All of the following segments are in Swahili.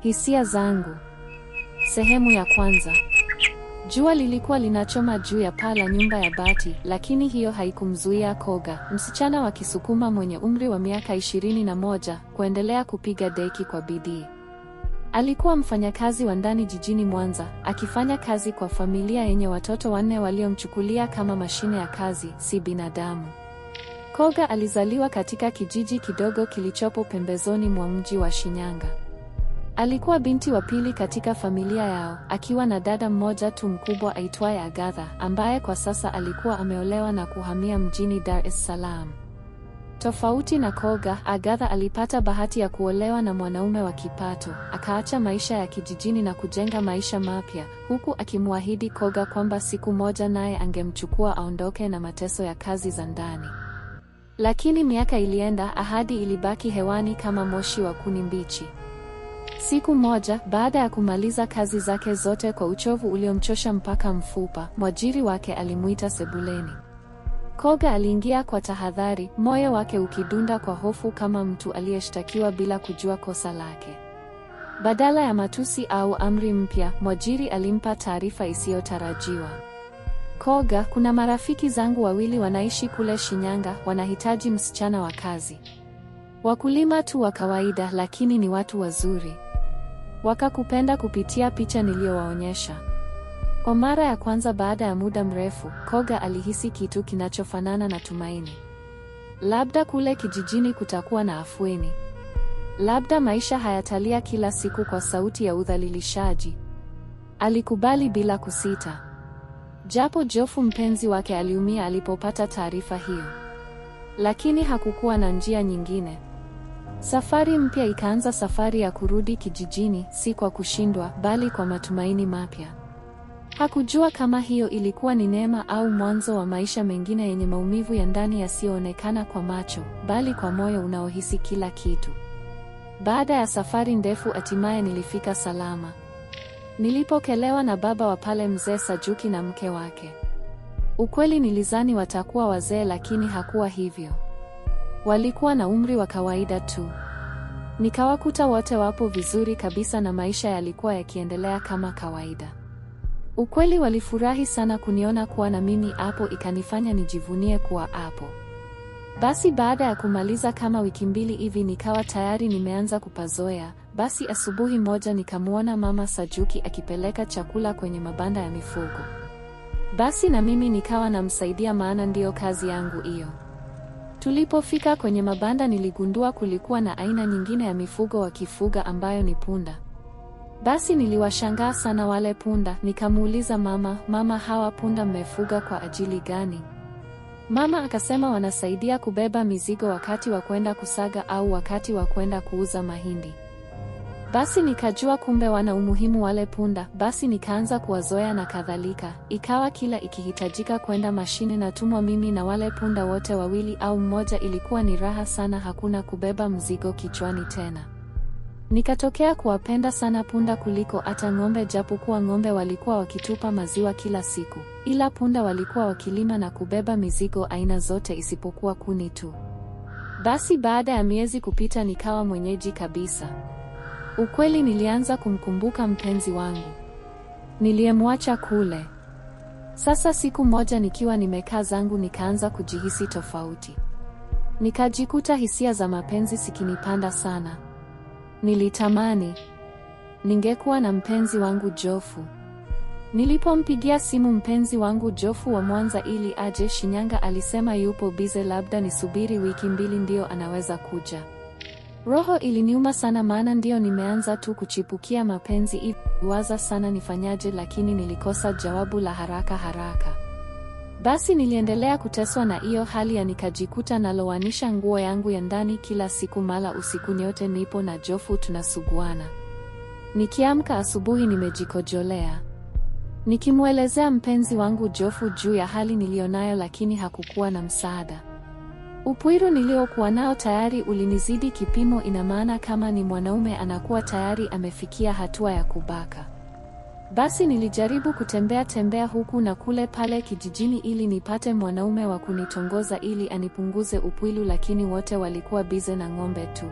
Hisia zangu. Sehemu ya kwanza. Jua lilikuwa linachoma juu ya paa la nyumba ya bati, lakini hiyo haikumzuia Koga, msichana wa Kisukuma mwenye umri wa miaka ishirini na moja, kuendelea kupiga deki kwa bidii. Alikuwa mfanyakazi wa ndani jijini Mwanza, akifanya kazi kwa familia yenye watoto wanne waliomchukulia kama mashine ya kazi, si binadamu. Koga alizaliwa katika kijiji kidogo kilichopo pembezoni mwa mji wa Shinyanga. Alikuwa binti wa pili katika familia yao, akiwa na dada mmoja tu mkubwa aitwaye Agatha, ambaye kwa sasa alikuwa ameolewa na kuhamia mjini Dar es Salaam. Tofauti na Koga, Agatha alipata bahati ya kuolewa na mwanaume wa kipato, akaacha maisha ya kijijini na kujenga maisha mapya, huku akimwahidi Koga kwamba siku moja naye angemchukua aondoke na mateso ya kazi za ndani. Lakini miaka ilienda, ahadi ilibaki hewani kama moshi wa kuni mbichi. Siku moja baada ya kumaliza kazi zake zote kwa uchovu uliomchosha mpaka mfupa, mwajiri wake alimuita sebuleni. Koga aliingia kwa tahadhari, moyo wake ukidunda kwa hofu kama mtu aliyeshtakiwa bila kujua kosa lake. Badala ya matusi au amri mpya, mwajiri alimpa taarifa isiyotarajiwa. Koga, kuna marafiki zangu wawili wanaishi kule Shinyanga, wanahitaji msichana wa kazi. Wakulima tu wa kawaida, lakini ni watu wazuri wakakupenda kupitia picha niliyowaonyesha. Kwa mara ya kwanza baada ya muda mrefu, Koga alihisi kitu kinachofanana na tumaini. Labda kule kijijini kutakuwa na afueni. Labda maisha hayatalia kila siku kwa sauti ya udhalilishaji. Alikubali bila kusita. Japo Jofu mpenzi wake aliumia alipopata taarifa hiyo. Lakini hakukuwa na njia nyingine. Safari mpya ikaanza, safari ya kurudi kijijini, si kwa kushindwa, bali kwa matumaini mapya. Hakujua kama hiyo ilikuwa ni neema au mwanzo wa maisha mengine yenye maumivu ya ndani yasiyoonekana kwa macho, bali kwa moyo unaohisi kila kitu. Baada ya safari ndefu, hatimaye nilifika salama. Nilipokelewa na baba wa pale mzee Sajuki na mke wake. Ukweli nilizani watakuwa wazee, lakini hakuwa hivyo. Walikuwa na umri wa kawaida tu. Nikawakuta wote wapo vizuri kabisa na maisha yalikuwa yakiendelea kama kawaida. Ukweli walifurahi sana kuniona kuwa na mimi hapo, ikanifanya nijivunie kuwa hapo. Basi baada ya kumaliza kama wiki mbili hivi, nikawa tayari nimeanza kupazoea. Basi asubuhi moja nikamwona Mama Sajuki akipeleka chakula kwenye mabanda ya mifugo. Basi na mimi nikawa namsaidia, maana ndiyo kazi yangu hiyo. Tulipofika kwenye mabanda niligundua kulikuwa na aina nyingine ya mifugo wakifuga ambayo ni punda. Basi niliwashangaa sana wale punda, nikamuuliza mama, mama hawa punda mmefuga kwa ajili gani? Mama akasema wanasaidia kubeba mizigo wakati wa kwenda kusaga au wakati wa kwenda kuuza mahindi. Basi nikajua kumbe wana umuhimu wale punda, basi nikaanza kuwazoea na kadhalika. Ikawa kila ikihitajika kwenda mashine natumwa mimi na wale punda wote wawili au mmoja. Ilikuwa ni raha sana, hakuna kubeba mzigo kichwani tena. Nikatokea kuwapenda sana punda kuliko hata ng'ombe, japo kuwa ng'ombe walikuwa wakitupa maziwa kila siku, ila punda walikuwa wakilima na kubeba mizigo aina zote isipokuwa kuni tu. Basi baada ya miezi kupita, nikawa mwenyeji kabisa. Ukweli nilianza kumkumbuka mpenzi wangu niliyemwacha kule. Sasa siku moja nikiwa nimekaa zangu, nikaanza kujihisi tofauti, nikajikuta hisia za mapenzi sikinipanda sana. Nilitamani ningekuwa na mpenzi wangu Jofu. Nilipompigia simu mpenzi wangu Jofu wa Mwanza ili aje Shinyanga, alisema yupo bize, labda nisubiri wiki mbili ndiyo anaweza kuja. Roho iliniuma sana maana ndiyo nimeanza tu kuchipukia mapenzi iliwaza sana nifanyaje lakini nilikosa jawabu la haraka haraka. Basi niliendelea kuteswa na iyo hali ya nikajikuta nalowanisha nguo yangu ya ndani kila siku mala usiku nyote nipo na Jofu tunasuguana. Nikiamka asubuhi nimejikojolea. Nikimwelezea mpenzi wangu Jofu juu ya hali nilionayo lakini hakukuwa na msaada. Upwiru niliokuwa nao tayari ulinizidi kipimo. Ina maana kama ni mwanaume anakuwa tayari amefikia hatua ya kubaka. Basi nilijaribu kutembea tembea huku na kule pale kijijini ili nipate mwanaume wa kunitongoza ili anipunguze upwilu, lakini wote walikuwa bize na ng'ombe tu.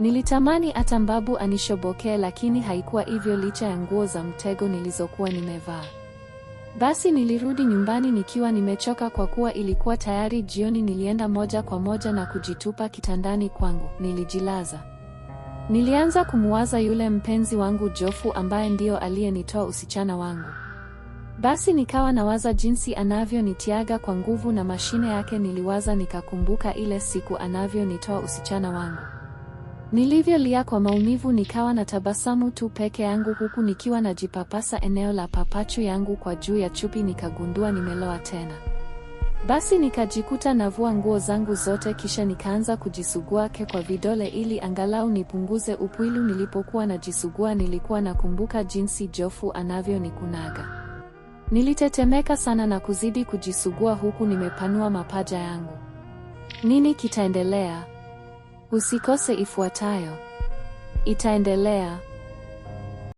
Nilitamani hata mbabu anishobokee, lakini haikuwa hivyo licha ya nguo za mtego nilizokuwa nimevaa. Basi nilirudi nyumbani nikiwa nimechoka kwa kuwa ilikuwa tayari jioni. Nilienda moja kwa moja na kujitupa kitandani kwangu, nilijilaza. Nilianza kumuwaza yule mpenzi wangu Jofu ambaye ndiyo aliyenitoa usichana wangu. Basi nikawa nawaza jinsi anavyonitiaga kwa nguvu na mashine yake. Niliwaza nikakumbuka ile siku anavyonitoa usichana wangu. Nilivyolia kwa maumivu nikawa na tabasamu tu peke yangu huku nikiwa najipapasa eneo la papachu yangu kwa juu ya chupi nikagundua nimeloa tena. Basi nikajikuta navua nguo zangu zote kisha nikaanza kujisugua ke kwa vidole ili angalau nipunguze upwilu nilipokuwa najisugua nilikuwa nakumbuka jinsi Jofu anavyonikunaga. Nilitetemeka sana na kuzidi kujisugua huku nimepanua mapaja yangu. Nini kitaendelea? Usikose ifuatayo. Itaendelea.